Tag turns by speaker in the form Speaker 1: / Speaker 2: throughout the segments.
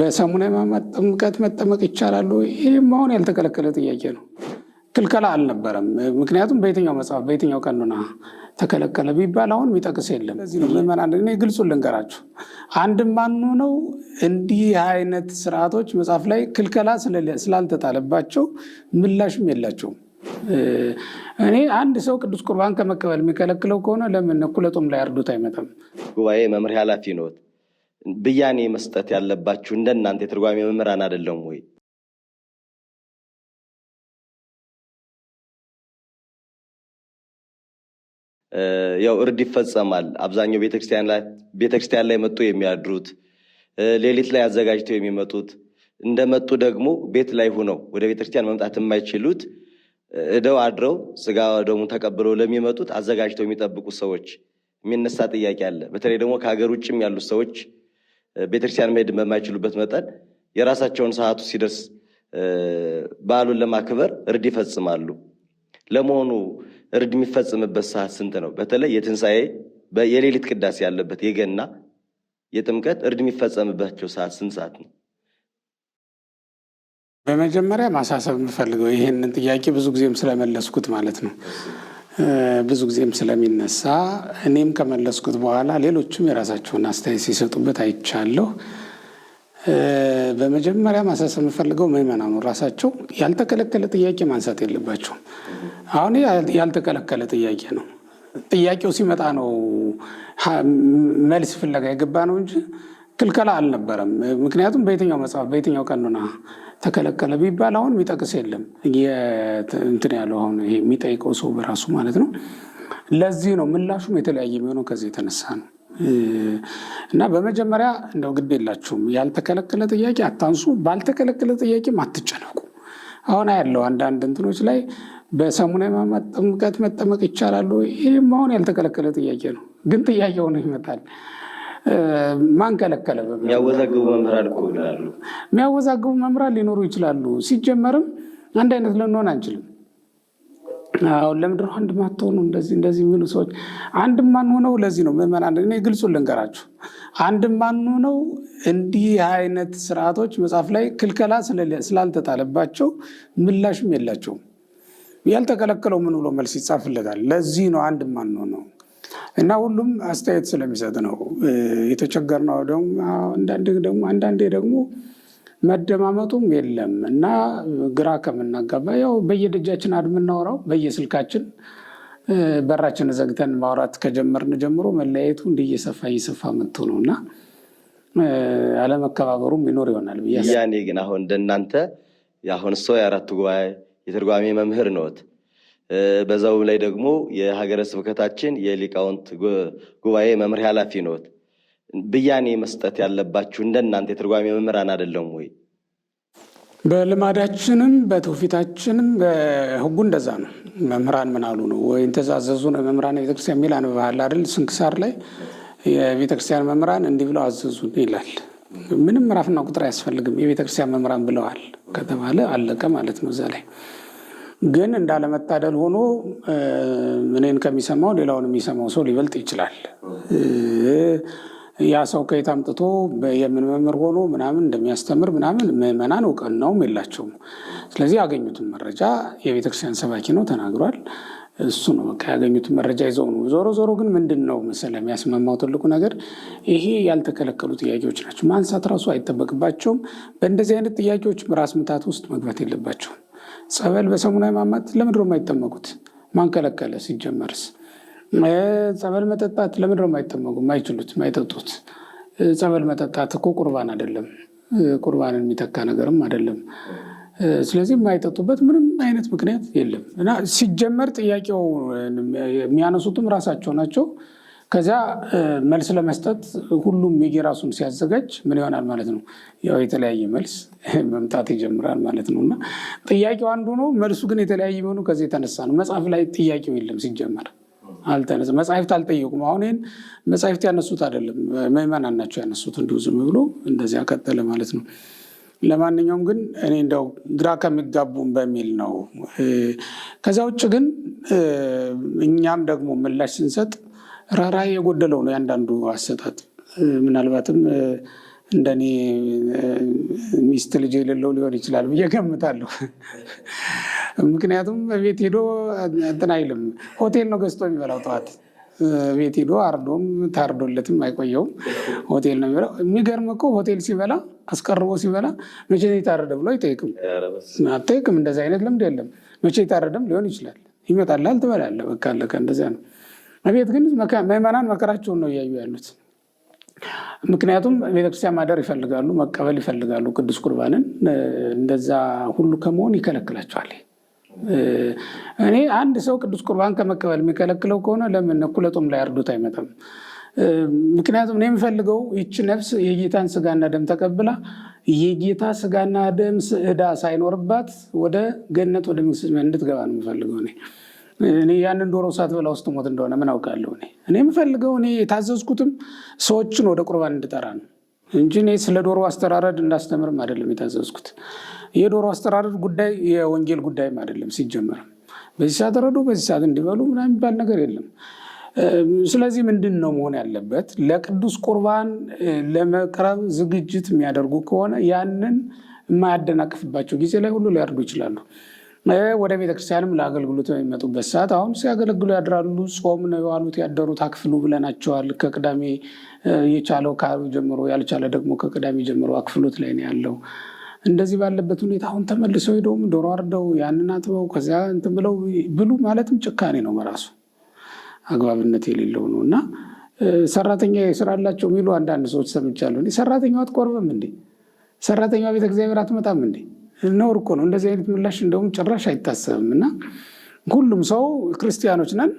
Speaker 1: በሰሙነ ሕማማት ጥምቀት መጠመቅ ይቻላሉ? ይህም አሁን ያልተከለከለ ጥያቄ ነው። ክልከላ አልነበረም። ምክንያቱም በየትኛው መጽሐፍ በየትኛው ቀኖና ተከለከለ ቢባል አሁን የሚጠቅስ የለም። ምዕመናን፣ ልንገራችሁ፣ አንድ ማኑ ነው እንዲህ አይነት ስርዓቶች መጽሐፍ ላይ ክልከላ ስላልተጣለባቸው ምላሽም የላቸውም። እኔ አንድ ሰው ቅዱስ ቁርባን ከመቀበል የሚከለክለው ከሆነ ለምን እኩለ ጾም ላይ አርዱት አይመጣም?
Speaker 2: ጉባኤ መምሪያ ኃላፊ ነዎት ብያኔ መስጠት ያለባችሁ እንደናንተ የትርጓሜ መምህራን አይደለም ወይ? ያው እርድ ይፈጸማል። አብዛኛው ቤተክርስቲያን ላይ ቤተክርስቲያን ላይ መጡ የሚያድሩት ሌሊት ላይ አዘጋጅተው የሚመጡት እንደመጡ ደግሞ ቤት ላይ ሆነው ወደ ቤተክርስቲያን መምጣት የማይችሉት እደው አድረው ስጋ ደሙ ተቀብለው ለሚመጡት አዘጋጅተው የሚጠብቁ ሰዎች የሚነሳ ጥያቄ አለ። በተለይ ደግሞ ከሀገር ውጭም ያሉት ሰዎች ቤተክርስቲያን መሄድ በማይችሉበት መጠን የራሳቸውን ሰዓቱ ሲደርስ በዓሉን ለማክበር እርድ ይፈጽማሉ። ለመሆኑ እርድ የሚፈጽምበት ሰዓት ስንት ነው? በተለይ የትንሣኤ የሌሊት ቅዳሴ ያለበት የገና፣ የጥምቀት እርድ የሚፈጸምባቸው ሰዓት ስንት ሰዓት ነው?
Speaker 1: በመጀመሪያ ማሳሰብ የምፈልገው ይህንን ጥያቄ ብዙ ጊዜም ስለመለስኩት ማለት ነው ብዙ ጊዜም ስለሚነሳ እኔም ከመለስኩት በኋላ ሌሎቹም የራሳቸውን አስተያየት ሲሰጡበት አይቻለሁ። በመጀመሪያ ማሳሰብ የምፈልገው ምዕመናኑ ራሳቸው ያልተከለከለ ጥያቄ ማንሳት የለባቸውም። አሁን ያልተከለከለ ጥያቄ ነው። ጥያቄው ሲመጣ ነው መልስ ፍለጋ የገባ ነው እንጂ ክልከላ አልነበረም። ምክንያቱም በየትኛው መጽሐፍ በየትኛው ቀኖና ተከለከለ ቢባል አሁን የሚጠቅስ የለም እንትን ያለው አሁን ይሄ የሚጠይቀው ሰው በራሱ ማለት ነው። ለዚህ ነው ምላሹም የተለያየ የሚሆነው ከዚህ የተነሳ ነው። እና በመጀመሪያ እንደው ግድ የላችሁም ያልተከለከለ ጥያቄ አታንሱ፣ ባልተከለከለ ጥያቄም አትጨነቁ። አሁን ያለው አንዳንድ እንትኖች ላይ በሰሙነ ሕማማት ጥምቀት መጠመቅ ይቻላሉ። ይህም አሁን ያልተከለከለ ጥያቄ ነው፣ ግን ጥያቄ ሆኖ ይመጣል። ማንከለከለ
Speaker 2: የሚያወዛግቡ መምህራን እኮ ይላሉ።
Speaker 1: የሚያወዛግቡ መምህራን ሊኖሩ ይችላሉ። ሲጀመርም አንድ አይነት ልንሆን አንችልም። አሁን ለምድር አንድ ማትሆኑ እንደዚህ እንደዚህ የሚሉ ሰዎች አንድ ማንሆነው ለዚህ ነው ምዕመናን፣ እኔ ግልጹ ልንገራችሁ፣ አንድ ማንሆነው እንዲህ አይነት ስርዓቶች መጽሐፍ ላይ ክልከላ ስላልተጣለባቸው ምላሽም የላቸውም። ያልተከለከለው ምን ብሎ መልስ ይጻፍለታል? ለዚህ ነው አንድ ማንሆነው እና ሁሉም አስተያየት ስለሚሰጥ ነው የተቸገርነው። ደግሞ አንዳንዴ ደግሞ መደማመጡም የለም እና ግራ ከምናጋባ ያው በየደጃችን አድምናወራው በየስልካችን በራችን ዘግተን ማውራት ከጀመርን ጀምሮ መለያየቱ እንዲህ እየሰፋ እየሰፋ መጥቶ ነው እና አለመከባበሩም ይኖር ይሆናል
Speaker 2: ያኔ ግን አሁን እንደናንተ አሁን እሶ የአራቱ ጉባኤ የተርጓሜ መምህር ነዎት በዛው ላይ ደግሞ የሀገረ ስብከታችን የሊቃውንት ጉባኤ መምሪያ ኃላፊ ኖት። ብያኔ መስጠት ያለባችሁ እንደናንተ የትርጓሜ መምህራን አይደለም ወይ?
Speaker 1: በልማዳችንም በትውፊታችንም ህጉ እንደዛ ነው። መምህራን ምን አሉ ነው ወይም ተዛዘዙ ነው መምህራን ቤተክርስቲያን የሚል አንብበሃል አይደል? ስንክሳር ላይ የቤተክርስቲያን መምህራን እንዲህ ብለው አዘዙ ይላል። ምንም ምዕራፍና ቁጥር አያስፈልግም። የቤተክርስቲያን መምህራን ብለዋል ከተባለ አለቀ ማለት ነው እዛ ላይ ግን እንዳለመታደል ሆኖ እኔን ከሚሰማው ሌላውን የሚሰማው ሰው ሊበልጥ ይችላል። ያ ሰው ከየት አምጥቶ የምን መምህር ሆኖ ምናምን እንደሚያስተምር ምናምን ምዕመናን እውቅናውም የላቸውም። ስለዚህ ያገኙትን መረጃ የቤተክርስቲያን ሰባኪ ነው ተናግሯል። እሱ ነው በቃ ያገኙትን መረጃ ይዘው ነው። ዞሮ ዞሮ ግን ምንድን ነው መሰለህ የሚያስመማው ትልቁ ነገር ይሄ ያልተከለከሉ ጥያቄዎች ናቸው። ማንሳት ራሱ አይጠበቅባቸውም። በእንደዚህ አይነት ጥያቄዎች ራስ ምታት ውስጥ መግባት የለባቸውም። ጸበል በሰሙነ ሕማማት ለምድሮ የማይጠመቁት ማንከለከለ? ሲጀመርስ ጸበል መጠጣት ለምድሮ የማይጠመቁ የማይችሉት የማይጠጡት? ጸበል መጠጣት እኮ ቁርባን አይደለም፣ ቁርባንን የሚተካ ነገርም አይደለም። ስለዚህ የማይጠጡበት ምንም አይነት ምክንያት የለም እና ሲጀመር ጥያቄው የሚያነሱትም ራሳቸው ናቸው። ከዚያ መልስ ለመስጠት ሁሉም የየራሱን ሲያዘጋጅ ምን ይሆናል ማለት ነው? ያው የተለያየ መልስ መምጣት ይጀምራል ማለት ነው። እና ጥያቄው አንዱ ነው፣ መልሱ ግን የተለያየ ሆኑ ከዚ የተነሳ ነው። መጽሐፍ ላይ ጥያቄው የለም ሲጀመር አልተነሳ መጽሐፍት አልጠየቁም። አሁን ይህን መጽሐፍት ያነሱት አይደለም ምዕመናን ናቸው ያነሱት። እንዲሁ ዝም ብሎ እንደዚያ ቀጠለ ማለት ነው። ለማንኛውም ግን እኔ እንደው ግራ ከሚጋቡም በሚል ነው። ከዚያ ውጭ ግን እኛም ደግሞ ምላሽ ስንሰጥ ራራ የጎደለው ነው ያንዳንዱ አሰጣጥ። ምናልባትም እንደኔ ሚስት ልጅ የሌለው ሊሆን ይችላል ብዬ ገምታለሁ። ምክንያቱም ቤት ሄዶ እንትን አይልም። ሆቴል ነው ገዝቶ የሚበላው ጠዋት ቤት ሄዶ አርዶም ታርዶለትም አይቆየውም። ሆቴል ነው የሚበላው። የሚገርም እኮ ሆቴል ሲበላ አስቀርቦ ሲበላ መቼ የታረደ ብሎ አይጠይቅም። አጠይቅም እንደዚህ አይነት ልምድ የለም። መቼ የታረደም ሊሆን ይችላል። ይመጣላል፣ ትበላለህ። በቃ አለቀ። እንደዚያ ነው። አቤት ግን ምዕመናን መከራቸውን ነው እያዩ ያሉት። ምክንያቱም ቤተክርስቲያን ማደር ይፈልጋሉ፣ መቀበል ይፈልጋሉ ቅዱስ ቁርባንን። እንደዛ ሁሉ ከመሆን ይከለክላቸዋል። እኔ አንድ ሰው ቅዱስ ቁርባን ከመቀበል የሚከለክለው ከሆነ ለምን ኩለጦም ላይ አርዶት አይመጣም? ምክንያቱም እኔ የምፈልገው ይቺ ነፍስ የጌታን ስጋና ደም ተቀብላ የጌታ ስጋና ደም ስዕዳ ሳይኖርባት ወደ ገነት ወደ እንድትገባ ነው የምፈልገው እኔ ያንን ዶሮ በላ ውስጥ ሞት እንደሆነ ምን አውቃለሁ። እኔ እኔ የምፈልገው እኔ የታዘዝኩትም ሰዎችን ወደ ቁርባን እንድጠራ ነው እንጂ እኔ ስለ ዶሮ አስተራረድ እንዳስተምርም አይደለም የታዘዝኩት። የዶሮ አስተራረድ ጉዳይ የወንጌል ጉዳይም አይደለም ሲጀመርም። በዚህ ሰዓት ረዱ፣ በዚህ ሰዓት እንዲበሉ ምና የሚባል ነገር የለም። ስለዚህ ምንድን ነው መሆን ያለበት? ለቅዱስ ቁርባን ለመቅረብ ዝግጅት የሚያደርጉ ከሆነ ያንን የማያደናቅፍባቸው ጊዜ ላይ ሁሉ ሊያርዱ ይችላሉ። ወደ ቤተክርስቲያንም ለአገልግሎት በሚመጡበት ሰዓት አሁን ሲያገለግሉ ያድራሉ። ጾም ነው የዋሉት ያደሩት አክፍሉ ብለናቸዋል። ከቅዳሜ የቻለው ከዓርብ ጀምሮ፣ ያልቻለ ደግሞ ከቅዳሜ ጀምሮ አክፍሎት ላይ ነው ያለው። እንደዚህ ባለበት ሁኔታ አሁን ተመልሰው ሄደውም ዶሮ አርደው ያንን አጥበው ከዚያ እንትን ብለው ብሉ ማለትም ጭካኔ ነው በራሱ አግባብነት የሌለው ነው እና ሰራተኛ ስራ አላቸው የሚሉ አንዳንድ ሰዎች ሰምቻለሁ። ሰራተኛ አትቆርብም እንዴ? ሰራተኛ ቤተ እግዚአብሔር አትመጣም እንዴ? ነውር እኮ ነው። እንደዚህ አይነት ምላሽ እንደውም ጭራሽ አይታሰብም። እና ሁሉም ሰው ክርስቲያኖች ነን፣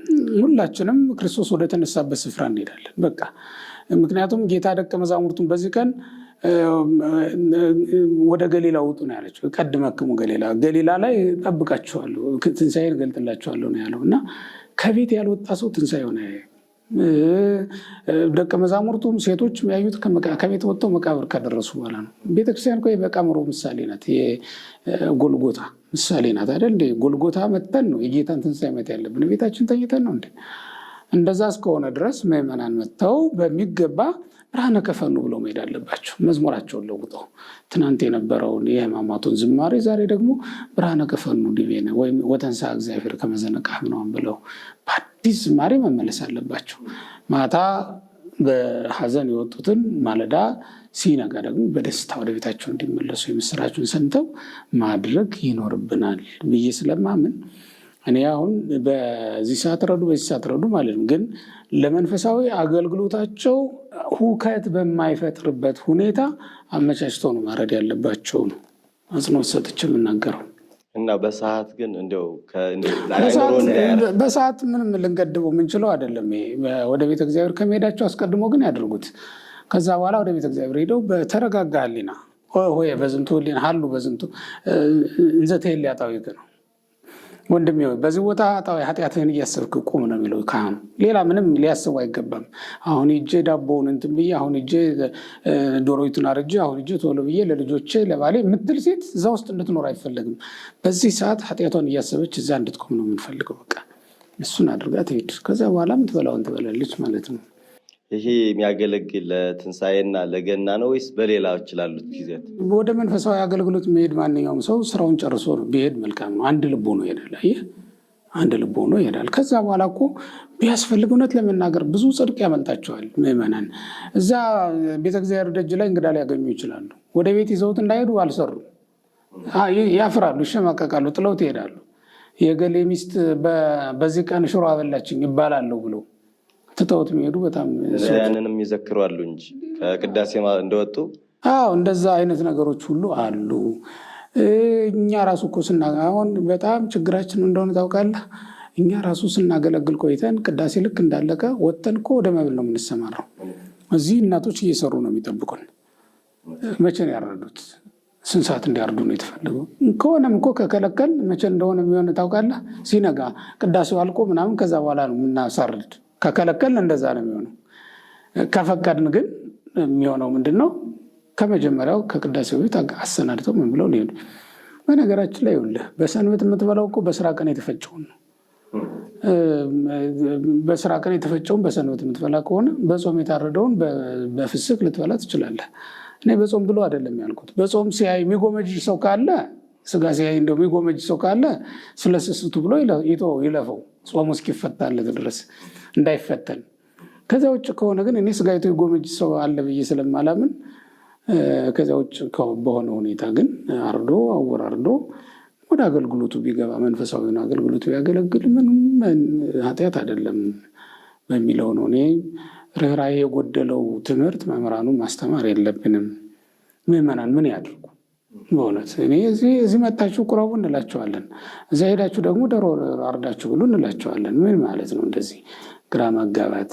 Speaker 1: ሁላችንም ክርስቶስ ወደ ተነሳበት ስፍራ እንሄዳለን። በቃ ምክንያቱም ጌታ ደቀ መዛሙርቱን በዚህ ቀን ወደ ገሊላ ውጡ ነው ያለችው። ቀድመክሙ ገሊላ፣ ገሊላ ላይ ጠብቃችኋለሁ፣ ትንሣኤ ገልጥላችኋለሁ ነው ያለው እና ከቤት ያልወጣ ሰው ትንሣኤ ሆነ ደቀ መዛሙርቱም ሴቶች ያዩት ከቤት ወጥተው መቃብር ከደረሱ በኋላ ነው። ቤተክርስቲያን እኮ የመቃብሩ ምሳሌ ናት፣ የጎልጎታ ምሳሌ ናት አይደል? ጎልጎታ መተን ነው የጌታን ትንሳኤ መት ያለብን፣ ቤታችን ተኝተን ነው እንዴ? እንደዛ እስከሆነ ድረስ ምዕመናን መጥተው በሚገባ ብርሃነ ከፈኑ ብለው መሄድ አለባቸው። መዝሙራቸውን ለውጠው ትናንት የነበረውን የሕማማቱን ዝማሬ ዛሬ ደግሞ ብርሃነ ከፈኑ ዲቤነ ወይም ወተንሳ እግዚአብሔር ከመዘነቃ ምናምን ብለው በአዲስ ዝማሬ መመለስ አለባቸው። ማታ በሀዘን የወጡትን ማለዳ ሲነጋ ደግሞ በደስታ ወደ ቤታቸው እንዲመለሱ የምስራችን ሰምተው ማድረግ ይኖርብናል ብዬ ስለማምን እኔ አሁን በዚህ ሰዓት ረዱ፣ በዚህ ሰዓት ረዱ ማለት ነው። ግን ለመንፈሳዊ አገልግሎታቸው ሁከት በማይፈጥርበት ሁኔታ አመቻችተው ነው ማረድ ያለባቸው ነው አጽንኦት ሰጥቼ የምናገረው።
Speaker 2: እና በሰዓት ግን እንዲያው
Speaker 1: በሰዓት ምንም ልንገድበው የምንችለው አይደለም። ወደ ቤተ እግዚአብሔር ከመሄዳቸው አስቀድሞ ግን ያደርጉት። ከዛ በኋላ ወደ ቤተ እግዚአብሔር ሄደው በተረጋጋ ህሊና ሆ በዝንቱ ህሊና ሀሉ በዝንቱ እንዘ ተሄልያጣዊ ነው ወንድሜ ሆይ በዚህ ቦታ ኃጢአትህን እያሰብክ ቁም ነው የሚለው ካህኑ። ሌላ ምንም ሊያስቡ አይገባም። አሁን እጄ ዳቦውን እንትን ብዬ አሁን እጄ ዶሮዊቱን አርጄ አሁን እጄ ቶሎ ብዬ ለልጆቼ ለባሌ የምትል ሴት እዛ ውስጥ እንድትኖር አይፈለግም። በዚህ ሰዓት ኃጢአቷን እያሰበች እዛ እንድትቆም ነው የምንፈልገው። በቃ እሱን አድርጋ ትሄድ። ከዚያ በኋላ የምትበላውን ትበላለች ማለት ነው።
Speaker 2: ይሄ የሚያገለግል ለትንሣኤና ለገና ነው ወይስ በሌላዎች ላሉት ጊዜያት?
Speaker 1: ወደ መንፈሳዊ አገልግሎት መሄድ ማንኛውም ሰው ስራውን ጨርሶ ቢሄድ መልካም ነው። አንድ ልቦ ነው ይሄዳል። አየህ አንድ ልቦ ነው ይሄዳል። ከዛ በኋላ እኮ ቢያስፈልግ እውነት ለመናገር ብዙ ጽድቅ ያመልጣቸዋል ምዕመናን። እዛ ቤተ እግዚአብሔር ደጅ ላይ እንግዳ ሊያገኙ ይችላሉ። ወደ ቤት ይዘውት እንዳይሄዱ አልሰሩም። ያፍራሉ፣ ይሸማቀቃሉ፣ ጥለውት ይሄዳሉ። የገሌ ሚስት በዚህ ቀን ሽሮ አበላችኝ ይባላለሁ ብሎ ትተውት የሚሄዱ በጣም
Speaker 2: ያንንም ይዘክሩ አሉ እንጂ ከቅዳሴ እንደወጡ
Speaker 1: አዎ፣ እንደዛ አይነት ነገሮች ሁሉ አሉ። እኛ ራሱ እኮ አሁን በጣም ችግራችን እንደሆነ ታውቃለህ። እኛ ራሱ ስናገለግል ቆይተን ቅዳሴ ልክ እንዳለቀ ወጥተን እኮ ወደ መብል ነው የምንሰማራው። እዚህ እናቶች እየሰሩ ነው የሚጠብቁን። መቼ ነው ያረዱት? ስንት ሰዓት እንዲያርዱ ነው የተፈለገው? ከሆነም እኮ ከከለከል መቼ እንደሆነ የሚሆነ ታውቃለህ። ሲነጋ ቅዳሴው አልቆ ምናምን ከዛ በኋላ ነው የምናሳርድ ከከለከልን እንደዛ ነው የሚሆነው። ከፈቀድን ግን የሚሆነው ምንድን ነው? ከመጀመሪያው ከቅዳሴ ቤት አሰናድተው ምን ብለው ሊሄዱ። በነገራችን ላይ ይኸውልህ በሰንበት የምትበላው እኮ በስራ ቀን የተፈጨውን ነው። በስራ ቀን የተፈጨውን በሰንበት የምትበላ ከሆነ በጾም የታረደውን በፍስክ ልትበላ ትችላለህ። እኔ በጾም ብሎ አይደለም ያልኩት። በጾም ሲያይ የሚጎመጅ ሰው ካለ ስጋ ሲያይ እንደው የሚጎመጅ ሰው ካለ ስለስስቱ ብሎ ይለፈው ጾሙ እስኪፈታለት ድረስ እንዳይፈተን። ከዛ ውጭ ከሆነ ግን እኔ ስጋይቶ ጎመጅ ሰው አለ ብዬ ስለማላምን ከዛ ውጭ በሆነ ሁኔታ ግን አርዶ አወራርዶ ወደ አገልግሎቱ ቢገባ መንፈሳዊ አገልግሎቱ ቢያገለግል ምንም ኃጢአት አይደለም በሚለው ነው እኔ ርኅራኄ የጎደለው ትምህርት መምህራኑ ማስተማር የለብንም። ምዕመናን ምን ያድርጉ? በእውነት እኔ እዚህ እዚህ መታችሁ ቁረቡ እንላቸዋለን። እዛ ሄዳችሁ ደግሞ ዶሮ አርዳችሁ ብሉ እንላቸዋለን። ምን ማለት ነው? እንደዚህ ግራ መጋባት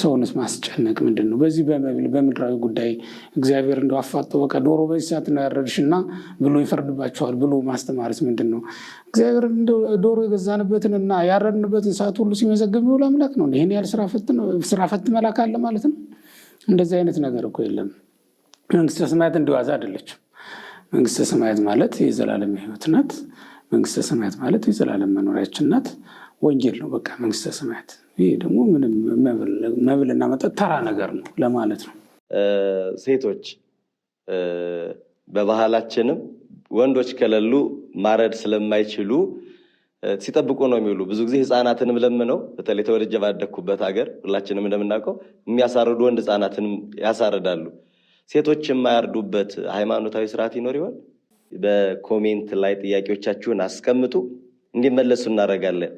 Speaker 1: ሰውነት ማስጨነቅ ምንድን ነው? በዚህ በመብል በምድራዊ ጉዳይ እግዚአብሔር እንደው አፋጦ በቃ ዶሮ በዚህ ሰዓት ነው ያረድሽና ብሎ ይፈርድባቸዋል ብሎ ማስተማርስ ምንድን ነው? እግዚአብሔር ዶሮ የገዛንበትን እና ያረድንበትን ሰዓት ሁሉ ሲመዘግብ የሚውል አምላክ ነው። ይህን ያህል ስራ ፈት መላክ አለ ማለት ነው? እንደዚህ አይነት ነገር እኮ የለም። መንግስተ ሰማያት እንዲዋዛ አይደለችም። መንግስተ ሰማያት ማለት የዘላለም ህይወት ናት። መንግስተ ሰማያት ማለት የዘላለም መኖሪያችን ናት። ወንጌል ነው በቃ መንግስተ ሰማያት። ይህ ደግሞ ምንም መብልና መጠጥ ተራ ነገር ነው ለማለት ነው።
Speaker 2: ሴቶች በባህላችንም ወንዶች ከሌሉ ማረድ ስለማይችሉ ሲጠብቁ ነው የሚውሉ። ብዙ ጊዜ ህፃናትንም ለምነው በተለይ ተወልጄ ባደግኩበት ሀገር ሁላችንም እንደምናውቀው የሚያሳርዱ ወንድ ህፃናትንም ያሳርዳሉ። ሴቶች የማያርዱበት ሃይማኖታዊ ስርዓት ይኖር ይሆን? በኮሜንት ላይ ጥያቄዎቻችሁን አስቀምጡ፣ እንዲመለሱ እናደርጋለን።